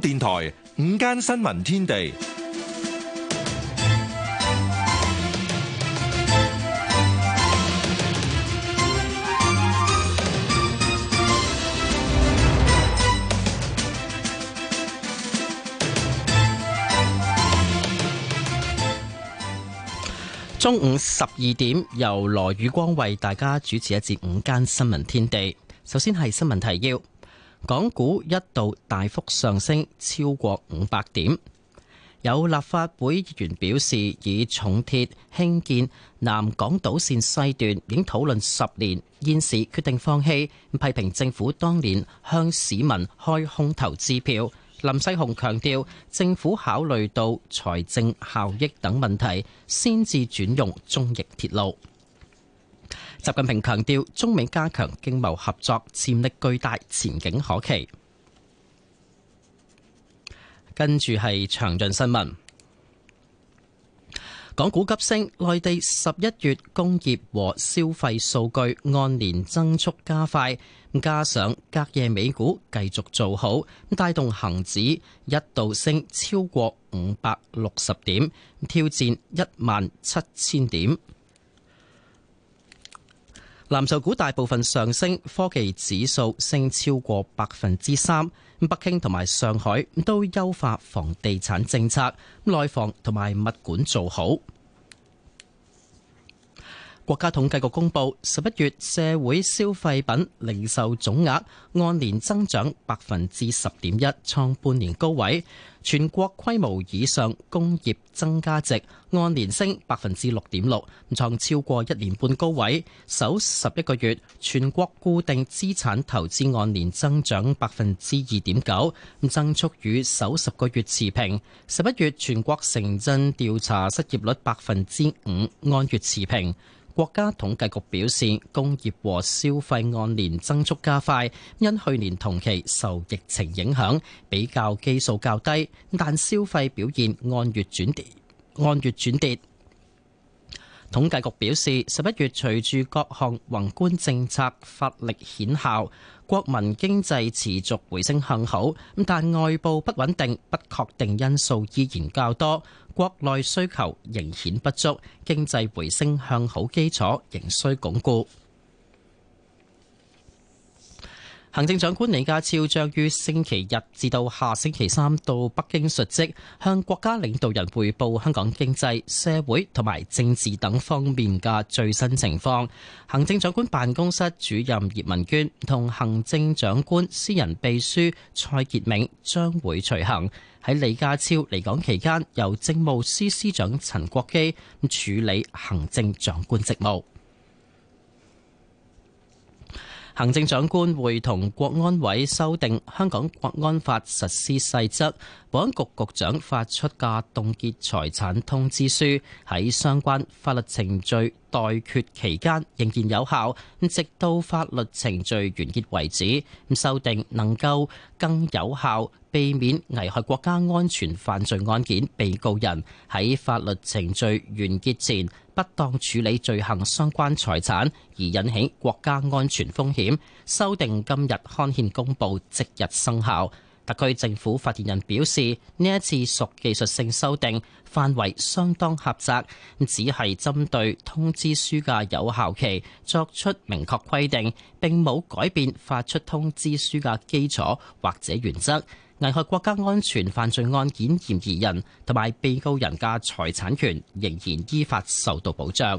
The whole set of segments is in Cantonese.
電台午間新聞天地，中午十二點由羅宇光為大家主持一節午間新聞天地。首先係新聞提要。港股一度大幅上升，超過五百點。有立法會議員表示，以重鐵興建南港島綫西段已經討論十年，現時決定放棄，批評政府當年向市民開空頭支票。林世雄強調，政府考慮到財政效益等問題，先至轉用中翼鐵路。習近平強調，中美加強經貿合作潛力巨大，前景可期。跟住係詳盡新聞，港股急升，內地十一月工業和消費數據按年增速加快，加上隔夜美股繼續做好，帶動恒指一度升超過五百六十點，挑戰一萬七千點。藍籌股大部分上升，科技指數升超過百分之三。咁北京同埋上海都優化房地產政策，內房同埋物管做好。國家統計局公布，十一月社會消費品零售總額按年增長百分之十點一，創半年高位。全國規模以上工業增加值按年升百分之六點六，創超過一年半高位。首十一個月全國固定資產投資按年增長百分之二點九，增速與首十個月持平。十一月全國城鎮調查失業率百分之五，按月持平。國家統計局表示，工業和消費按年增速加快，因去年同期受疫情影響，比較基數較低，但消費表現按月轉跌，按月轉跌。統計局表示，十一月隨住各項宏觀政策發力顯效，國民經濟持續回升向好。咁但外部不穩定、不確定因素依然較多，國內需求仍顯不足，經濟回升向好基礎仍需鞏固。行政長官李家超將於星期日至到下星期三到北京述職，向國家領導人匯報香港經濟、社會同埋政治等方面嘅最新情況。行政長官辦公室主任葉文娟同行政長官私人秘書蔡傑明將會隨行。喺李家超離港期間，由政務司司長陳國基咁處理行政長官職務。行政長官會同國安委修訂《香港國安法》實施細則，保安局局長發出嘅凍結財產通知書喺相關法律程序待決期間仍然有效，咁直到法律程序完結為止。咁修訂能夠更有效避免危害國家安全犯罪案件被告人喺法律程序完結前，不當處理罪行相關財產而引起國家安全風險，修訂今日刊憲公布即日生效。特區政府發言人表示，呢一次屬技術性修訂，範圍相當狹窄，只係針對通知書嘅有效期作出明確規定，並冇改變發出通知書嘅基礎或者原則。危害國家安全犯罪案件嫌疑人同埋被告人嘅財產權仍然依法受到保障。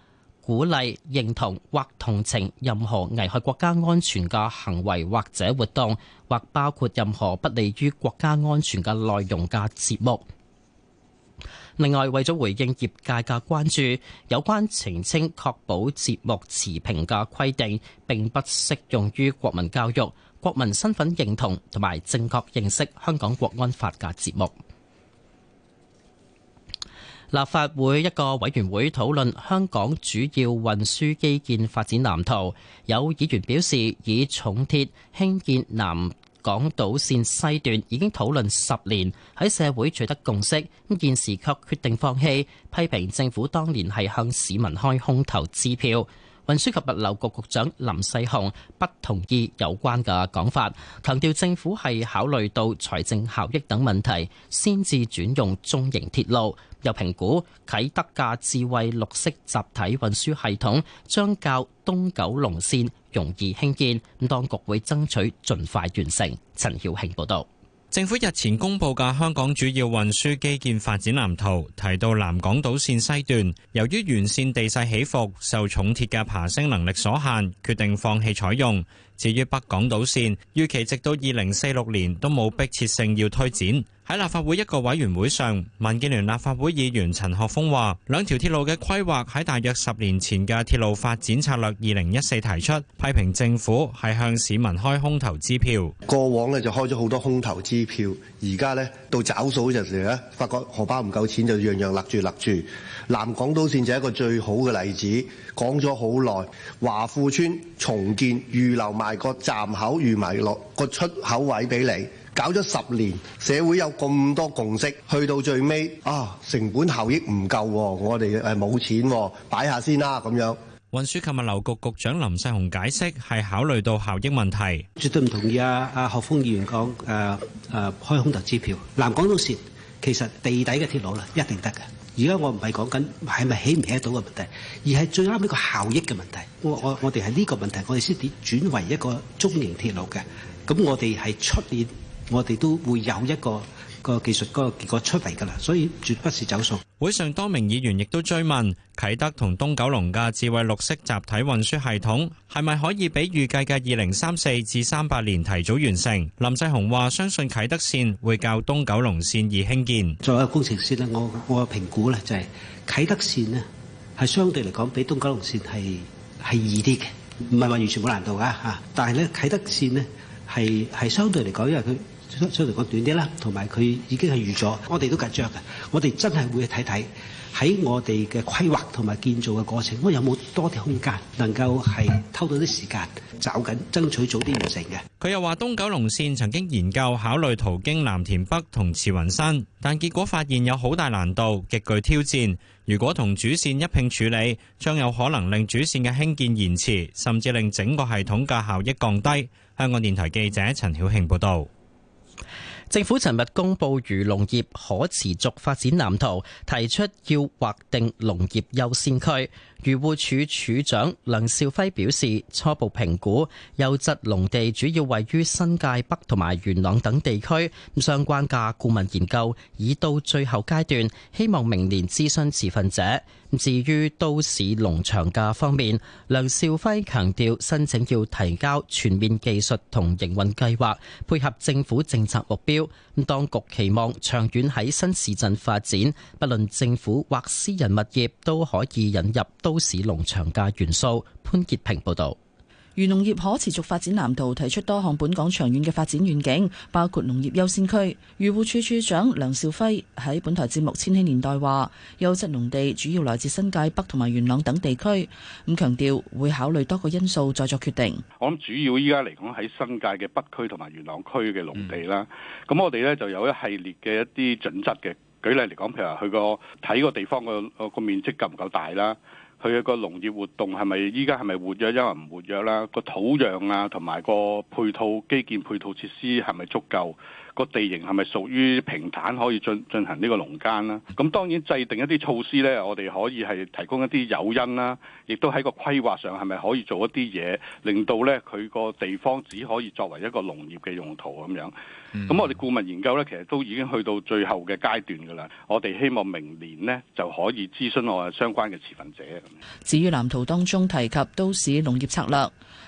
鼓勵認同或同情任何危害國家安全嘅行為或者活動，或包括任何不利於國家安全嘅內容嘅節目。另外，為咗回應業界嘅關注，有關澄清確保節目持平嘅規定，並不適用於國民教育、國民身份認同同埋正確認識香港國安法嘅節目。立法會一個委員會討論香港主要運輸基建發展藍圖，有議員表示，以重鐵興建南港島線西段已經討論十年，喺社會取得共識，咁現時卻決定放棄，批評政府當年係向市民開空頭支票。運輸及物流局局長林世雄不同意有關嘅講法，強調政府係考慮到財政效益等問題先至轉用中型鐵路。又評估啟德架智慧綠色集體運輸系統將較東九龍線容易興建，咁當局會爭取盡快完成。陳曉慶報導。政府日前公布嘅香港主要運輸基建發展藍圖提到，南港島線西段由於沿線地勢起伏，受重鐵嘅爬升能力所限，決定放棄採用。至於北港島線，預期直到二零四六年都冇迫切性要推展。喺立法會一個委員會上，民建聯立法會議員陳學鋒話：兩條鐵路嘅規劃喺大約十年前嘅鐵路發展策略二零一四提出，批評政府係向市民開空頭支票。過往呢就開咗好多空頭支票，而家呢，到找數嗰陣時呢，咧，發覺荷包唔夠錢，就樣樣勒住勒住。南港島線就係一個最好嘅例子，講咗好耐，華富邨重建預留埋。係個站口預埋落個出口位俾你，搞咗十年，社會有咁多共識，去到最尾啊，成本效益唔夠，我哋誒冇錢擺下先啦咁樣。運輸及物流局局長林世雄解釋，係考慮到效益問題，絕對唔同意啊！啊，何鋒議員講誒誒，開空頭支票。南港島線其實地底嘅鐵路啦，一定得嘅。而家我唔係講緊係咪起唔起得到嘅問題，而係最啱呢個效益嘅問題。我我我哋係呢個問題，我哋先至轉為一個中型鐵路嘅。咁我哋係出年，我哋都會有一個。個技術嗰個結果出嚟，噶啦，所以絕不是走數。會上多名議員亦都追問啟德同東九龍嘅智慧綠色集體運輸系統係咪可以比預計嘅二零三四至三八年提早完成？林世雄話：相信啟德線會較東九龍線易興建。作為一個工程師咧，我我嘅評估咧就係、是、啟德線呢，係相對嚟講比東九龍線係係易啲嘅，唔係話完全冇難度噶吓。但係呢，啟德線呢，係係相對嚟講，因為佢。出嚟講短啲啦，同埋佢已經係預咗，我哋都緊張嘅。我哋真係會睇睇喺我哋嘅規劃同埋建造嘅過程，我有冇多啲空間能夠係偷到啲時間，找緊爭取早啲完成嘅。佢又話：東九龍線曾經研究考慮途經藍田北同慈雲山，但結果發現有好大難度，極具挑戰。如果同主線一併處理，將有可能令主線嘅興建延遲，甚至令整個系統嘅效益降低。香港電台記者陳曉慶報導。政府尋日公布《漁農業可持續發展藍圖》，提出要劃定農業優先區。漁護署署署長梁兆輝表示，初步評估優質農地主要位於新界北同埋元朗等地區。相關嘅顧問研究已到最後階段，希望明年諮詢持份者。至於都市農場嘅方面，梁兆輝強調申請要提交全面技術同營運計劃，配合政府政策目標。咁當局期望長遠喺新市鎮發展，不論政府或私人物業都可以引入都市農場嘅元素。潘潔平報導。《漁農業可持續發展藍圖》提出多項本港長遠嘅發展願景，包括農業優先區。漁護署署長梁兆輝喺本台節目《千禧年代》話：優質農地主要來自新界北同埋元朗等地區。咁強調會考慮多個因素再作決定。我諗主要依家嚟講喺新界嘅北區同埋元朗區嘅農地啦。咁、嗯、我哋咧就有一系列嘅一啲準則嘅。舉例嚟講，譬如話佢個睇個地方個個面積夠唔夠大啦？佢個農業活動係咪依家係咪活躍？因為唔活躍啦？個土壤啊，同埋個配套基建、配套設施係咪足夠？個地形係咪屬於平坦可以進進行呢個農耕啦？咁當然制定一啲措施呢，我哋可以係提供一啲誘因啦，亦都喺個規劃上係咪可以做一啲嘢，令到呢佢個地方只可以作為一個農業嘅用途咁樣。咁、嗯、我哋顧問研究呢，其實都已經去到最後嘅階段噶啦。我哋希望明年呢，就可以諮詢我相關嘅持份者。至於藍圖當中提及都市農業策略，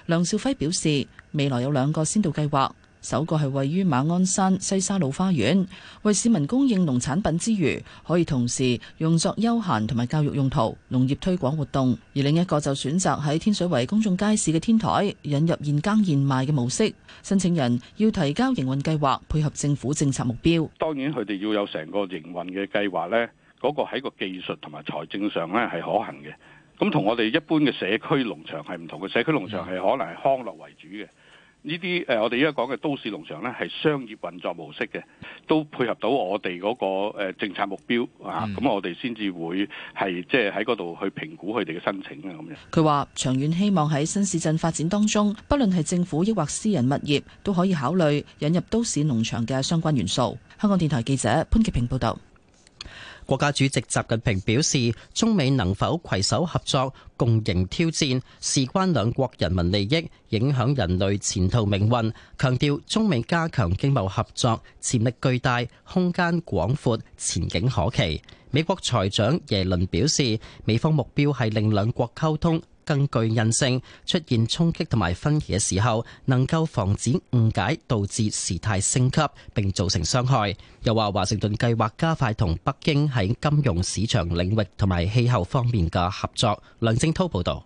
梁兆輝表示未來有兩個先導計劃。首個係位於馬鞍山西沙路花園，為市民供應農產品之餘，可以同時用作休閒同埋教育用途、農業推廣活動。而另一個就選擇喺天水圍公眾街市嘅天台，引入現耕現賣嘅模式。申請人要提交營運計劃，配合政府政策目標。當然，佢哋要有成個營運嘅計劃，呢嗰、嗰個喺個技術同埋財政上呢係可行嘅。咁同我哋一般嘅社區農場係唔同嘅，社區農場係可能係康樂為主嘅。呢啲誒，我哋依家講嘅都市農場呢，係商業運作模式嘅，都配合到我哋嗰個誒政策目標啊，咁、嗯、我哋先至會係即係喺嗰度去評估佢哋嘅申請啊咁樣。佢話長遠希望喺新市鎮發展當中，不論係政府抑或私人物業，都可以考慮引入都市農場嘅相關元素。香港電台記者潘潔平報道。國家主席習近平表示，中美能否携手合作、共迎挑戰，事關兩國人民利益，影響人類前途命運。強調中美加強經貿合作潛力巨大、空間廣闊、前景可期。美國財長耶倫表示，美方目標係令兩國溝通，更具韌性，出現衝擊同埋分歧嘅時候，能夠防止誤解導致事態升級，並造成傷害。又話華盛頓計劃加快同北京喺金融市場領域同埋氣候方面嘅合作。梁正濤報道。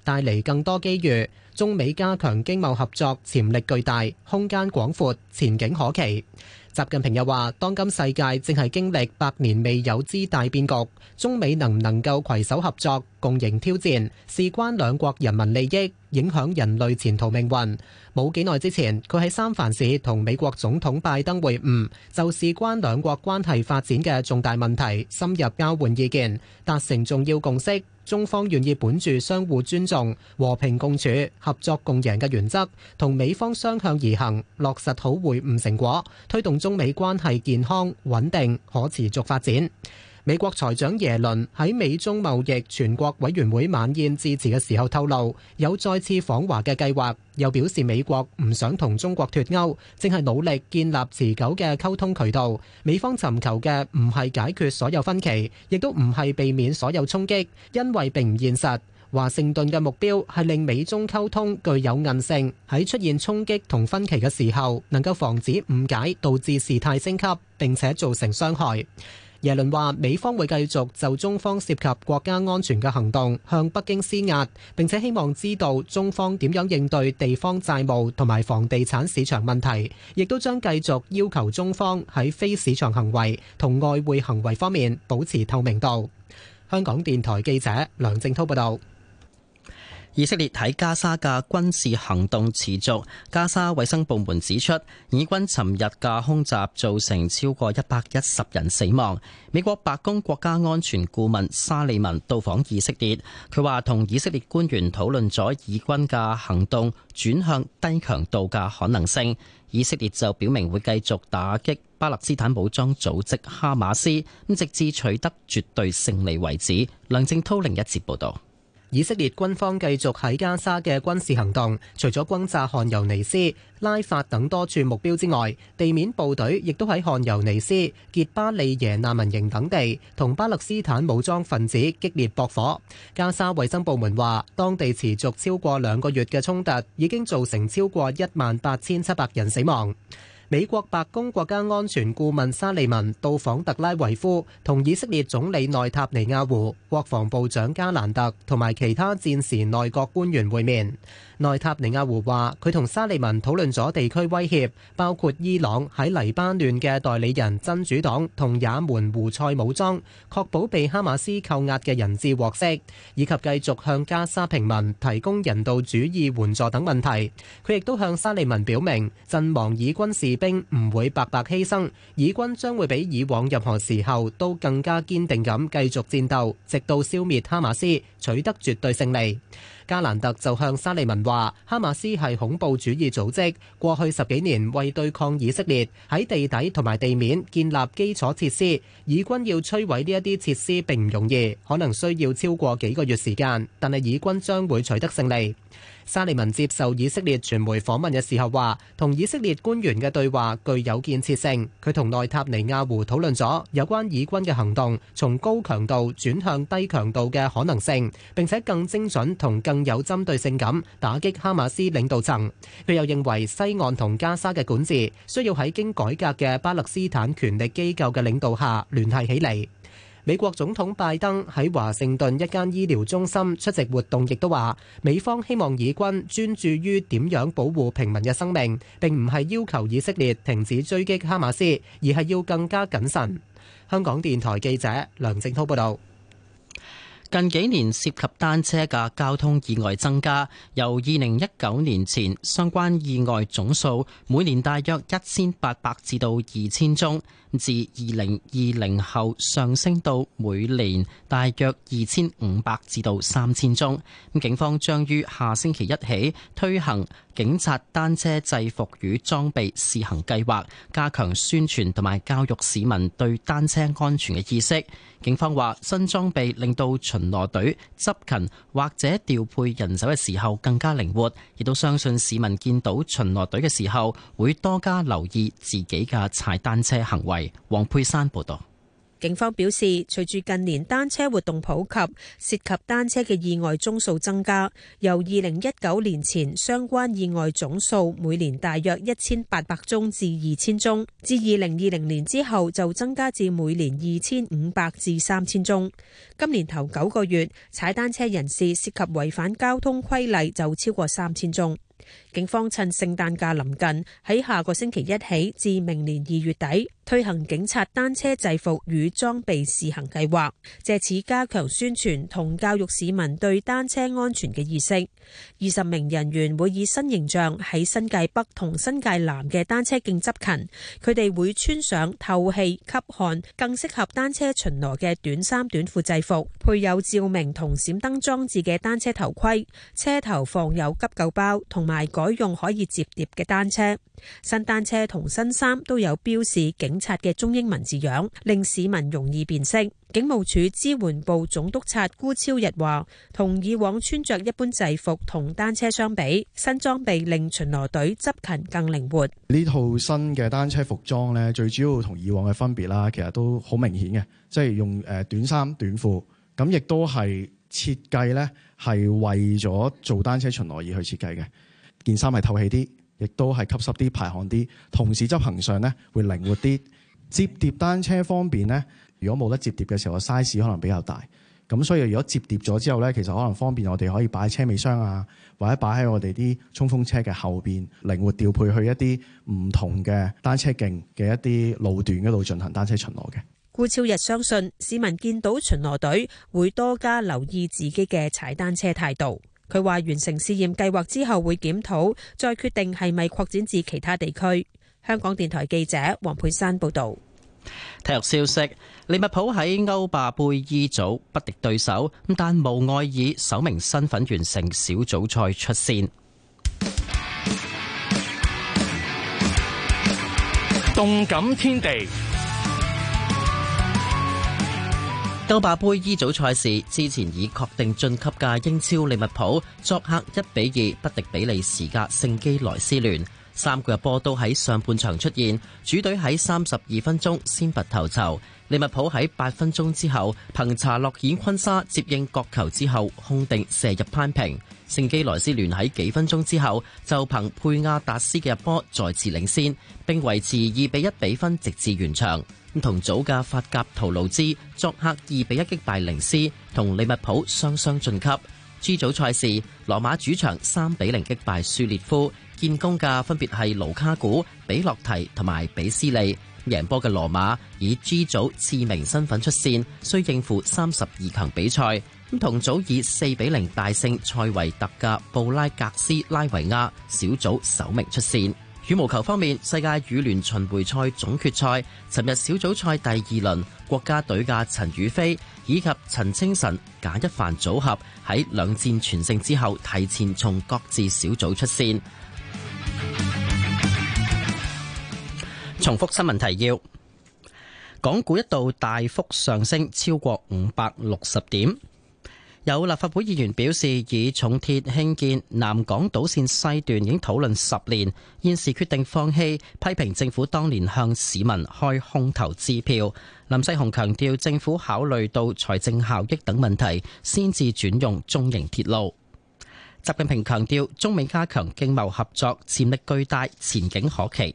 帶嚟更多機遇，中美加強經貿合作潛力巨大，空間廣闊，前景可期。習近平又話：當今世界正係經歷百年未有之大變局，中美能唔能夠攜手合作，共迎挑戰，事關兩國人民利益。影響人類前途命運。冇幾耐之前，佢喺三藩市同美國總統拜登會晤，就事關兩國關係發展嘅重大問題深入交換意見，達成重要共識。中方願意本住相互尊重、和平共處、合作共贏嘅原則，同美方相向而行，落實好會晤成果，推動中美關係健康穩定可持續發展。美國財長耶倫喺美中貿易全國委員會晚宴致辭嘅時候透露有再次訪華嘅計劃，又表示美國唔想同中國脫鉤，正係努力建立持久嘅溝通渠道。美方尋求嘅唔係解決所有分歧，亦都唔係避免所有衝擊，因為並唔現實。華盛頓嘅目標係令美中溝通具有韌性，喺出現衝擊同分歧嘅時候能夠防止誤解導致事態升級並且造成傷害。耶倫話：美方會繼續就中方涉及國家安全嘅行動向北京施壓，並且希望知道中方點樣應對地方債務同埋房地產市場問題，亦都將繼續要求中方喺非市場行為同外匯行為方面保持透明度。香港電台記者梁靜滔報道。以色列喺加沙嘅軍事行動持續。加沙衛生部門指出，以軍尋日嘅空襲造成超過一百一十人死亡。美國白宮國家安全顧問沙利文到訪以色列，佢話同以色列官員討論咗以軍嘅行動轉向低強度嘅可能性。以色列就表明會繼續打擊巴勒斯坦武裝組織哈馬斯，咁直至取得絕對勝利為止。梁正濤另一節報道。以色列軍方繼續喺加沙嘅軍事行動，除咗轟炸汗尤尼斯、拉法等多處目標之外，地面部隊亦都喺汗尤尼斯、傑巴利耶難民營等地同巴勒斯坦武裝分子激烈駁火。加沙衛生部門話，當地持續超過兩個月嘅衝突已經造成超過一萬八千七百人死亡。美國白宮國家安全顧問沙利文到訪特拉維夫，同以色列總理內塔尼亞胡、國防部長加蘭特同埋其他戰時內閣官員會面。內塔尼亞胡話：佢同沙利文討論咗地區威脅，包括伊朗喺黎巴嫩嘅代理人真主黨同也門胡塞武裝，確保被哈馬斯扣押嘅人質獲釋，以及繼續向加沙平民提供人道主義援助等問題。佢亦都向沙利文表明，陣亡以軍事兵唔會白白犧牲，以軍將會比以往任何時候都更加堅定咁繼續戰鬥，直到消滅哈馬斯，取得絕對勝利。加蘭特就向沙利文話，哈馬斯係恐怖主義組織，過去十幾年為對抗以色列，喺地底同埋地面建立基礎設施，以軍要摧毀呢一啲設施並唔容易，可能需要超過幾個月時間，但係以軍將會取得勝利。沙利文接受以色列傳媒訪問嘅時候話，同以色列官員嘅對話具有建設性。佢同內塔尼亞胡討論咗有關以軍嘅行動從高強度轉向低強度嘅可能性，並且更精準同更有針對性咁打擊哈馬斯領導層。佢又認為西岸同加沙嘅管治需要喺經改革嘅巴勒斯坦權力機構嘅領導下聯繫起嚟。美國總統拜登喺華盛頓一間醫療中心出席活動，亦都話：美方希望以軍專注於點樣保護平民嘅生命，並唔係要求以色列停止追擊哈馬斯，而係要更加謹慎。香港電台記者梁正滔報道。近幾年涉及單車嘅交通意外增加，由二零一九年前相關意外總數每年大約一千八百至到二千宗，至二零二零後上升到每年大約二千五百至到三千宗。咁警方將於下星期一起推行警察單車制服與裝備試行計劃，加強宣傳同埋教育市民對單車安全嘅意識。警方話：新裝備令到巡邏隊執勤或者調配人手嘅時候更加靈活，亦都相信市民見到巡邏隊嘅時候會多加留意自己嘅踩單車行為。黃佩珊報導。警方表示，隨住近年單車活動普及，涉及單車嘅意外宗數增加，由二零一九年前相關意外總數每年大約一千八百宗至二千宗，至二零二零年之後就增加至每年二千五百至三千宗。今年頭九個月，踩單車人士涉及違反交通規例就超過三千宗。警方趁聖誕假臨近，喺下個星期一起至明年二月底，推行警察單車制服與裝備試行計劃，借此加強宣傳同教育市民對單車安全嘅意識。二十名人員會以新形象喺新界北同新界南嘅單車徑執勤，佢哋會穿上透氣吸汗、更適合單車巡邏嘅短衫短褲制服，配有照明同閃燈裝置嘅單車頭盔，車頭放有急救包，同埋改用可以摺疊嘅單車。新單車同新衫都有標示警。警察嘅中英文字樣令市民容易辨識。警務處支援部總督察辜超逸話，同以往穿着一般制服同單車相比，新裝備令巡邏隊執勤更靈活。呢套新嘅單車服裝咧，最主要同以往嘅分別啦，其實都好明顯嘅，即係用誒短衫短褲，咁亦都係設計咧，係為咗做單車巡邏而去設計嘅。件衫係透氣啲。亦都係吸濕啲、排汗啲，同時執行上咧會靈活啲。摺疊單車方面咧，如果冇得摺疊嘅時候，size 可能比較大。咁所以如果摺疊咗之後咧，其實可能方便我哋可以擺喺車尾箱啊，或者擺喺我哋啲衝鋒車嘅後邊，靈活調配去一啲唔同嘅單車徑嘅一啲路段嗰度進行單車巡邏嘅。顧超日相信市民見到巡邏隊會多加留意自己嘅踩單車態度。佢話完成試驗計劃之後會檢討，再決定係咪擴展至其他地區。香港電台記者黃佩珊報導。體育消息：利物浦喺歐霸杯伊組不敵對手，但無礙以首名身份完成小組賽出線。動感天地。歐霸杯 E 組賽事，之前已確定晉級嘅英超利物浦作客一比二不敵比利時嘅聖基萊斯聯，三個入波都喺上半場出現，主隊喺三十二分鐘先拔頭籌，利物浦喺八分鐘之後憑查落顯昆沙接應角球之後控定射入扳平，聖基萊斯聯喺幾分鐘之後就憑佩亞達斯嘅入波再次領先，並維持二比一比分直至完場。同組嘅法甲圖盧茲作客二比一擊敗零斯，同利物浦雙雙晉級。G 組賽事，羅馬主場三比零擊敗舒列夫，建功嘅分別係盧卡古、比洛提同埋比斯利。贏波嘅羅馬以 G 組次名身份出線，需應付三十二強比賽。咁同組以四比零大勝塞維特嘅布拉格斯拉維亞，小組首名出線。羽毛球方面，世界羽聯巡迴賽總決賽尋日小組賽第二輪，國家隊嘅陳雨菲以及陳清晨賈一凡組合喺兩戰全勝之後，提前從各自小組出線。重複新聞提要：港股一度大幅上升，超過五百六十點。有立法會議員表示，以重鐵興建南港島綫西段已經討論十年，現時決定放棄，批評政府當年向市民開空頭支票。林世雄強調政府考慮到財政效益等問題，先至轉用中型鐵路。習近平強調中美加強經貿合作，潛力巨大，前景可期。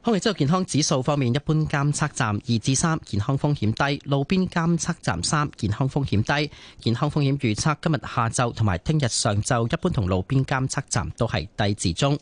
空氣質素健康指數方面，一般監測站二至三，健康風險低；路邊監測站三，健康風險低。健康風險預測今日下晝同埋聽日上晝，一般同路邊監測站都係低至中。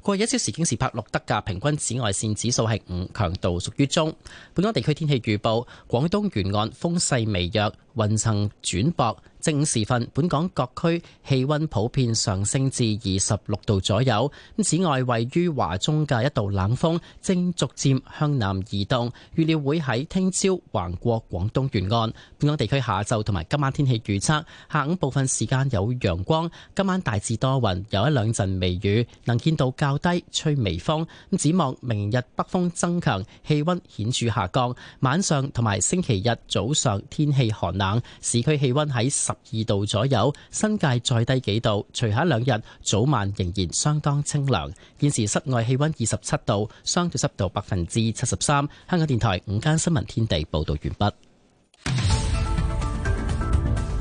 過去一小時京士柏錄得嘅平均紫外線指數係五，強度屬於中。本港地區天氣預報：廣東沿岸風勢微弱，雲層轉薄。正午時分，本港各區氣温普遍上升至二十六度左右。此外，位於華中嘅一道冷鋒正逐漸向南移動，預料會喺聽朝橫過廣東沿岸。本港地區下晝同埋今晚天氣預測，下午部分時間有陽光，今晚大致多雲，有一兩陣微雨，能見度較低，吹微風。咁展望明日北風增強，氣温顯著下降，晚上同埋星期日早上天氣寒冷，市區氣温喺十二度左右，新界再低幾度？除下兩日早晚仍然相當清涼。現時室外氣温二十七度，相對濕度百分之七十三。香港電台午間新聞天地報道完畢。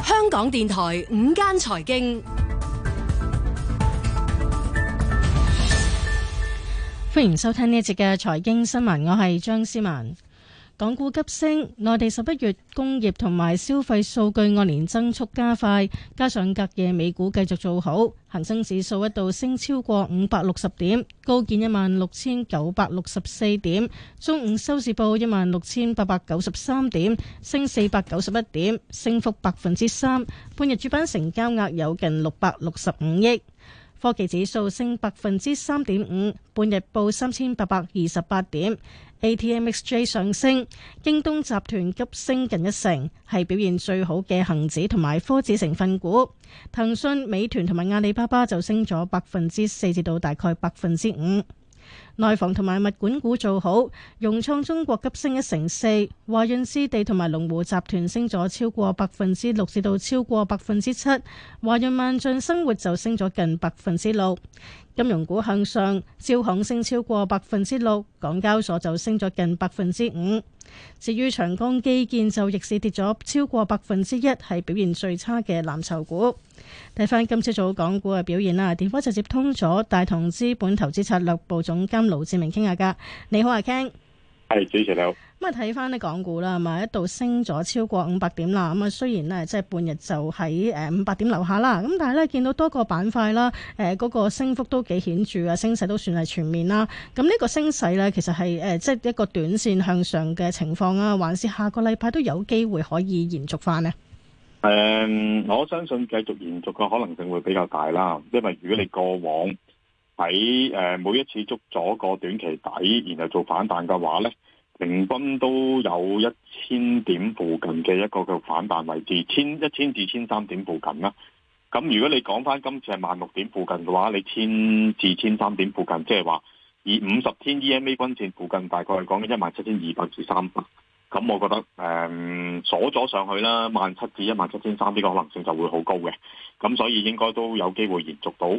香港電台午間財經，歡迎收聽呢一節嘅財經新聞，我係張思文。港股急升，內地十一月工業同埋消費數據按年增速加快，加上隔夜美股繼續做好，恒生指數一度升超過五百六十點，高見一萬六千九百六十四點，中午收市報一萬六千八百九十三點，升四百九十一點，升幅百分之三。半日主板成交額有近六百六十五億，科技指數升百分之三點五，半日報三千八百二十八點。A.T.M.X.J 上升，京東集團急升近一成，係表現最好嘅恒指同埋科指成分股。騰訊、美團同埋阿里巴巴就升咗百分之四至到大概百分之五。內房同埋物管股做好，融創中國急升一成四，華潤置地同埋龍湖集團升咗超過百分之六至到超過百分之七。華潤萬象生活就升咗近百分之六。金融股向上，招行升超過百分之六，港交所就升咗近百分之五。至於長江基建就逆市跌咗超過百分之一，係表現最差嘅藍籌股。睇翻今朝早港股嘅表現啦，電話就接通咗大同資本投資策略部總監盧志明傾下㗎。你好啊，Ken。係主持你好，咁啊睇翻啲港股啦，係咪一度升咗超過五百點啦，咁啊雖然咧即係半日就喺誒五百點樓下啦，咁但係咧見到多個板塊啦，誒、那、嗰個升幅都幾顯著啊，升勢都算係全面啦。咁呢個升勢咧，其實係誒即係一個短線向上嘅情況啊，還是下個禮拜都有機會可以延續翻呢？誒、嗯，我相信繼續延續嘅可能性會比較大啦，因為如果你過往，喺誒每一次捉咗個短期底，然後做反彈嘅話呢平均都有一千點附近嘅一個嘅反彈位置，千一千至千三點附近啦。咁如果你講返今次係萬六點附近嘅話，你千至千三點附近，即係話以五十天 EMA 均線附近，大概係講緊一萬七千二百至三百。咁我覺得誒、嗯、鎖咗上去啦，萬七至一萬七千三呢個可能性就會好高嘅，咁所以應該都有機會延續到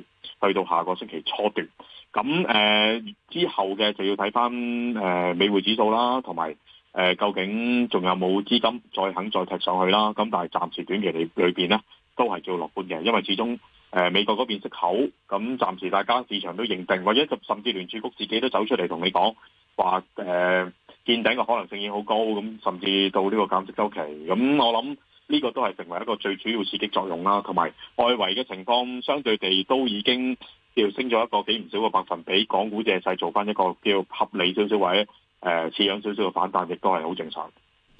去到下個星期初段。咁誒、呃、之後嘅就要睇返誒美匯指數啦，同埋誒究竟仲有冇資金再肯再踢上去啦。咁但係暫時短期裏裏邊咧都係叫樂觀嘅，因為始終誒、呃、美國嗰邊息口咁，暫時大家市場都認定，或者甚至聯儲局自己都走出嚟同你講話誒。見頂嘅可能性已經好高，咁甚至到呢個減息周期，咁我諗呢個都係成為一個最主要刺激作用啦。同埋外圍嘅情況，相對地都已經叫升咗一個幾唔少嘅百分比，港股借勢做翻一個叫合理少少或者，誒似樣少少嘅反彈，亦都係好正常。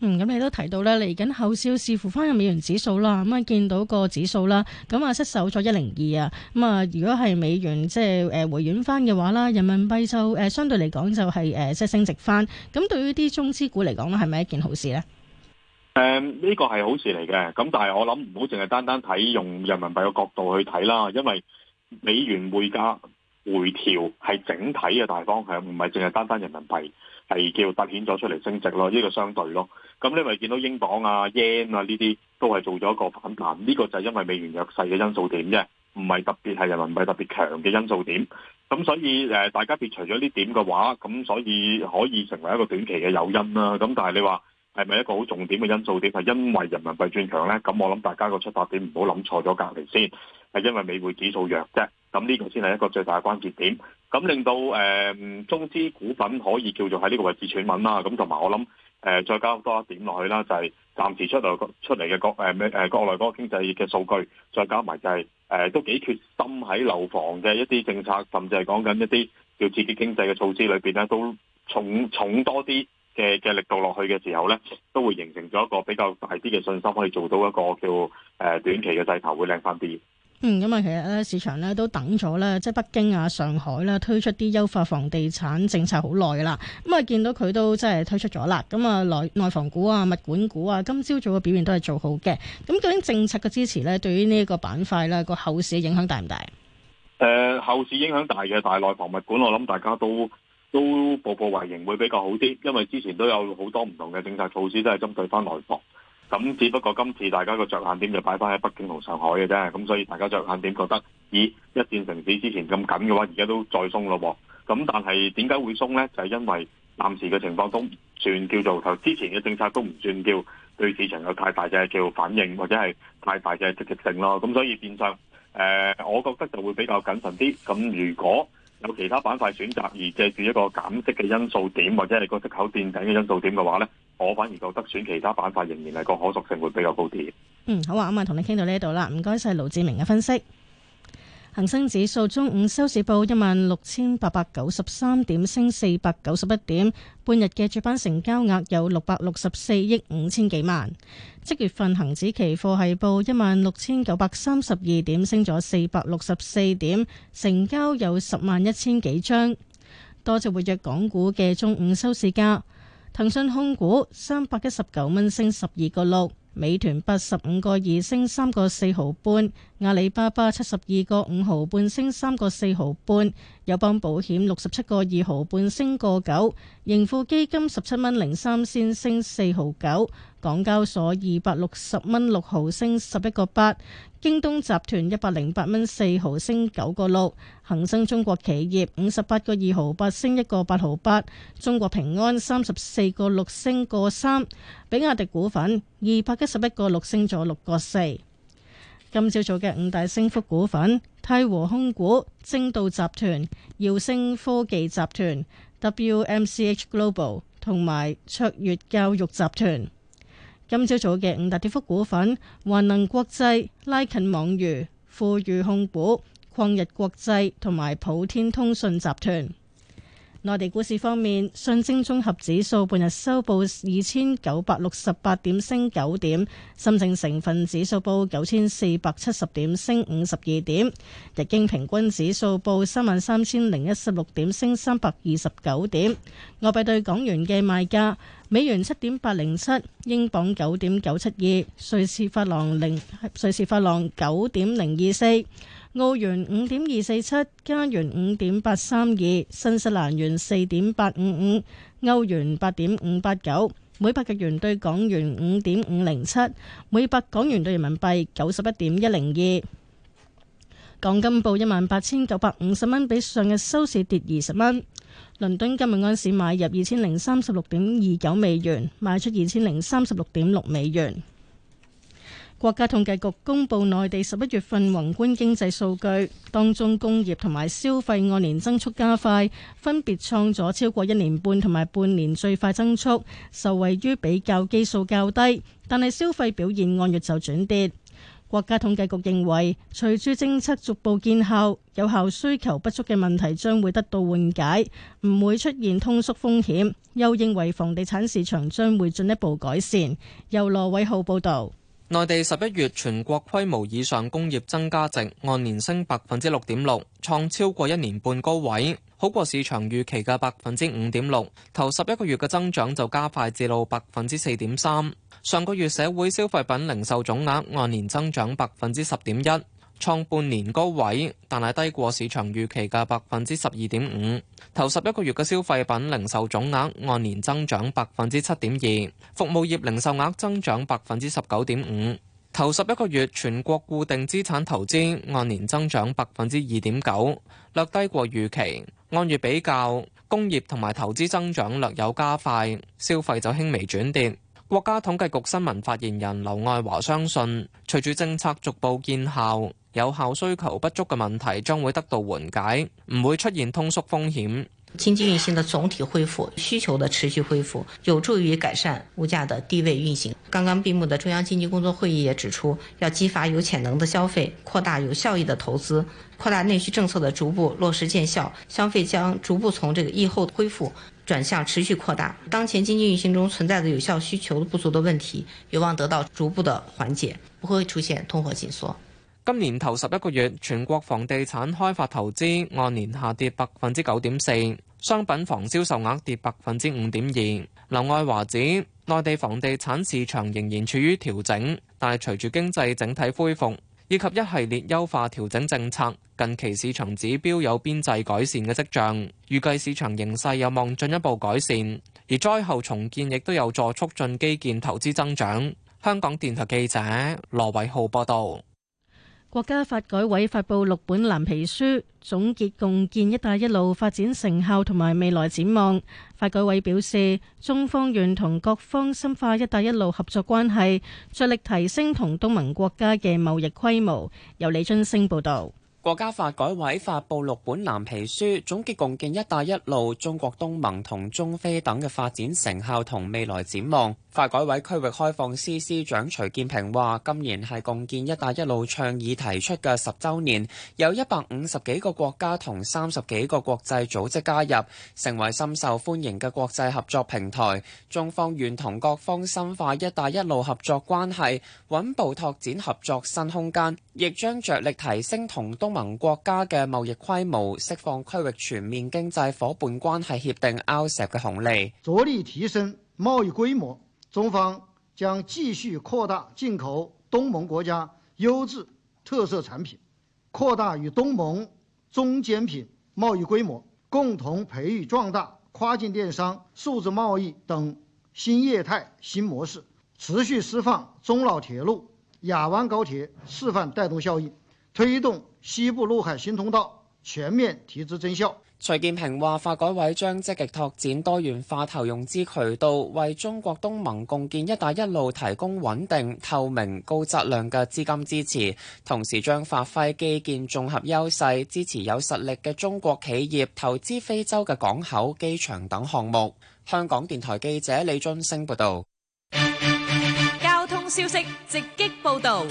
嗯，咁你都提到啦，嚟緊後市，視乎翻個美元指數啦。咁啊，見到個指數啦，咁啊失守咗一零二啊。咁啊，如果係美元即係誒回軟翻嘅話啦，人民幣就誒相對嚟講就係誒即係升值翻。咁對於啲中資股嚟講，係咪一件好事呢？誒、嗯，呢、呢個係好事嚟嘅。咁但係我諗唔好淨係單單睇用人民幣嘅角度去睇啦，因為美元匯價回調係整體嘅大方向，唔係淨係單單人民幣。係叫突顯咗出嚟升值咯，呢、這個相對咯。咁你咪見到英鎊啊、yen 啊呢啲都係做咗一個反彈，呢、這個就係因為美元弱勢嘅因素點啫，唔係特別係人民幣特別強嘅因素點。咁所以誒、呃，大家撇除咗呢點嘅話，咁所以可以成為一個短期嘅誘因啦、啊。咁但係你話係咪一個好重點嘅因素點係因為人民幣轉強呢？咁我諗大家個出發點唔好諗錯咗隔離先，係因為美匯指數弱啫。咁呢個先係一個最大嘅關鍵點。咁、嗯、令到誒、嗯、中資股份可以叫做喺呢個位置喘穩啦，咁同埋我諗誒、呃、再加多一點落去啦，就係、是、暫時出嚟出嚟嘅國誒咩誒國內嗰個經濟嘅數據，再加埋就係、是、誒、呃、都幾決心喺樓房嘅一啲政策，甚至係講緊一啲叫刺激經濟嘅措施裏邊咧，都重重多啲嘅嘅力度落去嘅時候咧，都會形成咗一個比較大啲嘅信心，可以做到一個叫誒短期嘅勢頭會靚返啲。嗯，咁啊，其實咧市場咧都等咗咧，即係北京啊、上海咧推出啲優化房地產政策好耐啦。咁、嗯、啊，見到佢都即係推出咗啦。咁、嗯、啊，內內房股啊、物管股啊，今朝早嘅表現都係做好嘅。咁、嗯、究竟政策嘅支持咧，對於呢一個板塊咧個後市嘅影響大唔大？誒、呃，後市影響大嘅，但係內房物管，我諗大家都都步步為營會比較好啲，因為之前都有好多唔同嘅政策措施都係針對翻內房。咁只不過今次大家個着眼點就擺翻喺北京同上海嘅啫，咁所以大家着眼點覺得，以一線城市之前咁緊嘅話，而家都再鬆咯喎。咁但係點解會鬆呢？就係、是、因為暫時嘅情況都唔算叫做，就之前嘅政策都唔算叫對市場有太大嘅叫反應，或者係太大嘅積極性咯。咁所以變相，誒、呃，我覺得就會比較謹慎啲。咁如果有其他板塊選擇，而借住一個減息嘅因素點，或者係個息口墊底嘅因素點嘅話呢。我反而覺得選其他板塊仍然係個可塑性會比較高啲。嗯，好啊，咁啊，同你傾到呢度啦。唔該晒盧志明嘅分析。恒生指數中午收市報一萬六千八百九十三點，升四百九十一點。半日嘅主板成交額有六百六十四億五千幾萬。即月份恒指期貨係報一萬六千九百三十二點，升咗四百六十四點，成交有十萬一千幾張。多謝活躍港股嘅中午收市價。騰訊控股三百一十九蚊升十二個六，美團八十五個二升三個四毫半，阿里巴巴七十二個五毫半升三個四毫半，友邦保險六十七個二毫半升個九，盈富基金十七蚊零三仙升四毫九。港交所二百六十蚊六毫升十一個八，京東集團一百零八蚊四毫升九個六，恒生中國企業五十八個二毫八升一個八毫八，中國平安三十四個六升個三，比亞迪股份二百七十一個六升咗六個四。今朝早嘅五大升幅股份：泰禾控股、正道集團、耀星科技集團、W M C H Global 同埋卓越教育集團。今朝早嘅五大跌幅股份：華能國際、拉近網娛、富裕控股、曠日國際同埋普天通訊集團。內地股市方面，上證綜合指數半日收報二千九百六十八點，升九點；深證成分指數報九千四百七十點，升五十二點；日經平均指數報三萬三千零一十六點，升三百二十九點。外幣對港元嘅賣價，美元七點八零七，英鎊九點九七二，瑞士法郎零瑞士法郎九點零二四。澳元五點二四七，加元五點八三二，新西蘭元四點八五五，歐元八點五八九，每百日元對港元五點五零七，每百港元對人民幣九十一點一零二。港金報一萬八千九百五十蚊，比上日收市跌二十蚊。倫敦今日按市買入二千零三十六點二九美元，賣出二千零三十六點六美元。國家統計局公布內地十一月份宏觀經濟數據，當中工業同埋消費按年增速加快，分別創咗超過一年半同埋半年最快增速，受惠於比較基數較低，但係消費表現按月就轉跌。國家統計局認為，隨住政策逐步見效，有效需求不足嘅問題將會得到緩解，唔會出現通縮風險。又認為房地產市場將會進一步改善。由羅偉浩報道。內地十一月全國規模以上工業增加值按年升百分之六點六，創超過一年半高位，好過市場預期嘅百分之五點六。頭十一個月嘅增長就加快至到百分之四點三。上個月社會消費品零售總額按年增長百分之十點一。創半年高位，但係低過市場預期嘅百分之十二點五。頭十一個月嘅消費品零售總額按年增長百分之七點二，服務業零售額增長百分之十九點五。頭十一個月全國固定資產投資按年增長百分之二點九，略低過預期。按月比較，工業同埋投資增長略有加快，消費就輕微轉跌。國家統計局新聞發言人劉愛華相信，隨住政策逐步見效。有效需求不足的問題將會得到緩解，唔會出現通縮風險。經濟運行的總體恢復需求的持續恢復有助於改善物價的低位運行。剛剛閉幕的中央經濟工作會議也指出，要激發有潛能的消費，擴大有效益的投資，擴大內需政策的逐步落實見效。消費將逐步從這個疫後恢復轉向持續擴大。當前經濟運行中存在的有效需求不足的問題有望得到逐步的緩解，不會出現通貨緊縮。今年頭十一個月，全國房地產開發投資按年下跌百分之九點四，商品房銷售額跌百分之五點二。劉愛華指，內地房地產市場仍然處於調整，但係隨住經濟整體恢復以及一系列優化調整政策，近期市場指標有邊際改善嘅跡象，預計市場形勢有望進一步改善。而災後重建亦都有助促進基建投資增長。香港電台記者羅偉浩報道。國家發改委發布六本藍皮書，總結共建“一帶一路”發展成效同埋未來展望。發改委表示，中方願同各方深化“一帶一路”合作關係，着力提升同東盟國家嘅貿易規模。由李津升報道。國家發改委發布六本藍皮書，總結共建“一帶一路”中國東盟同中非等嘅發展成效同未來展望。發改委區域開放司司長徐建平話：今年係共建“一帶一路”倡議提出嘅十週年，有一百五十幾個國家同三十幾個國際組織加入，成為深受歡迎嘅國際合作平台。中方願同各方深化“一帶一路”合作關係，穩步拓展合作新空間，亦將着力提升同東盟國家嘅貿易規模，釋放區域全面經濟夥伴關係協定 RCEP 嘅紅利，着力提升貿易規模。中方將繼續擴大進口東盟國家優質特色產品，擴大與東盟中間品貿易規模，共同培育壯大跨境電商、數字貿易等新業態新模式，持續釋放中老鐵路、亞灣高鐵示範帶動效應，推動。西部陸海新通道全面提質增效。徐建平話，發改委將積極拓展多元化投融資渠道，為中國東盟共建“一帶一路”提供穩定、透明、高質量嘅資金支持。同時，將發揮基建綜合優勢，支持有實力嘅中國企業投資非洲嘅港口、機場等項目。香港電台記者李津星報道。交通消息直擊報道。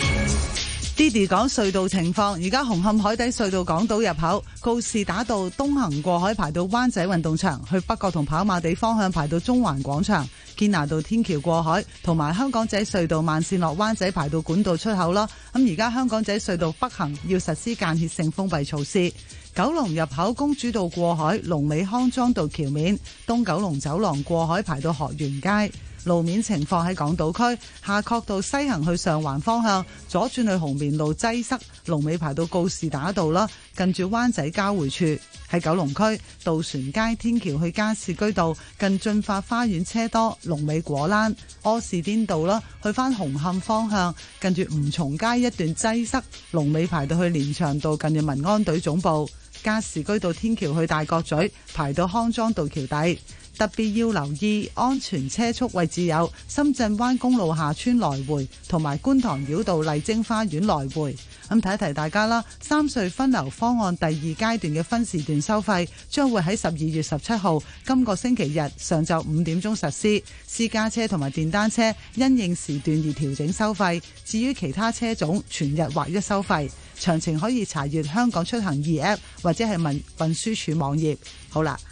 d i d 講隧道情況，而家紅磡海底隧道港島入口告士打道東行過海排到灣仔運動場，去北角同跑馬地方向排到中環廣場，堅拿道天橋過海，同埋香港仔隧道慢線落灣仔排到管道出口啦。咁而家香港仔隧道北行要實施間歇性封閉措施。九龍入口公主道過海，龍尾康莊道橋面，東九龍走廊過海排到鶴園街。路面情況喺港島區夏愨道西行去上環方向左轉去紅棉路擠塞，龍尾排到告士打道啦。近住灣仔交匯處喺九龍區渡船街天橋去加士居道近駿發花園車多，龍尾果欄柯士甸道啦。去返紅磡方向近住吳松街一段擠塞，龍尾排到去連翔道近住民安隊總部。加士居道天橋去大角咀排到康莊道橋底。特別要留意安全車速位置，有深圳灣公路下村來回同埋觀塘繞道麗晶花園來回。咁提一提大家啦，三隧分流方案第二階段嘅分時段收費將會喺十二月十七號今個星期日上晝五點鐘實施。私家車同埋電單車因應時段而調整收費，至於其他車種全日劃一收費。詳情可以查閱香港出行易 App 或者係問運輸署網頁。好啦。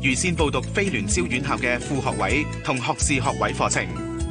預先報讀非聯招院校嘅副學位同學士學位課程。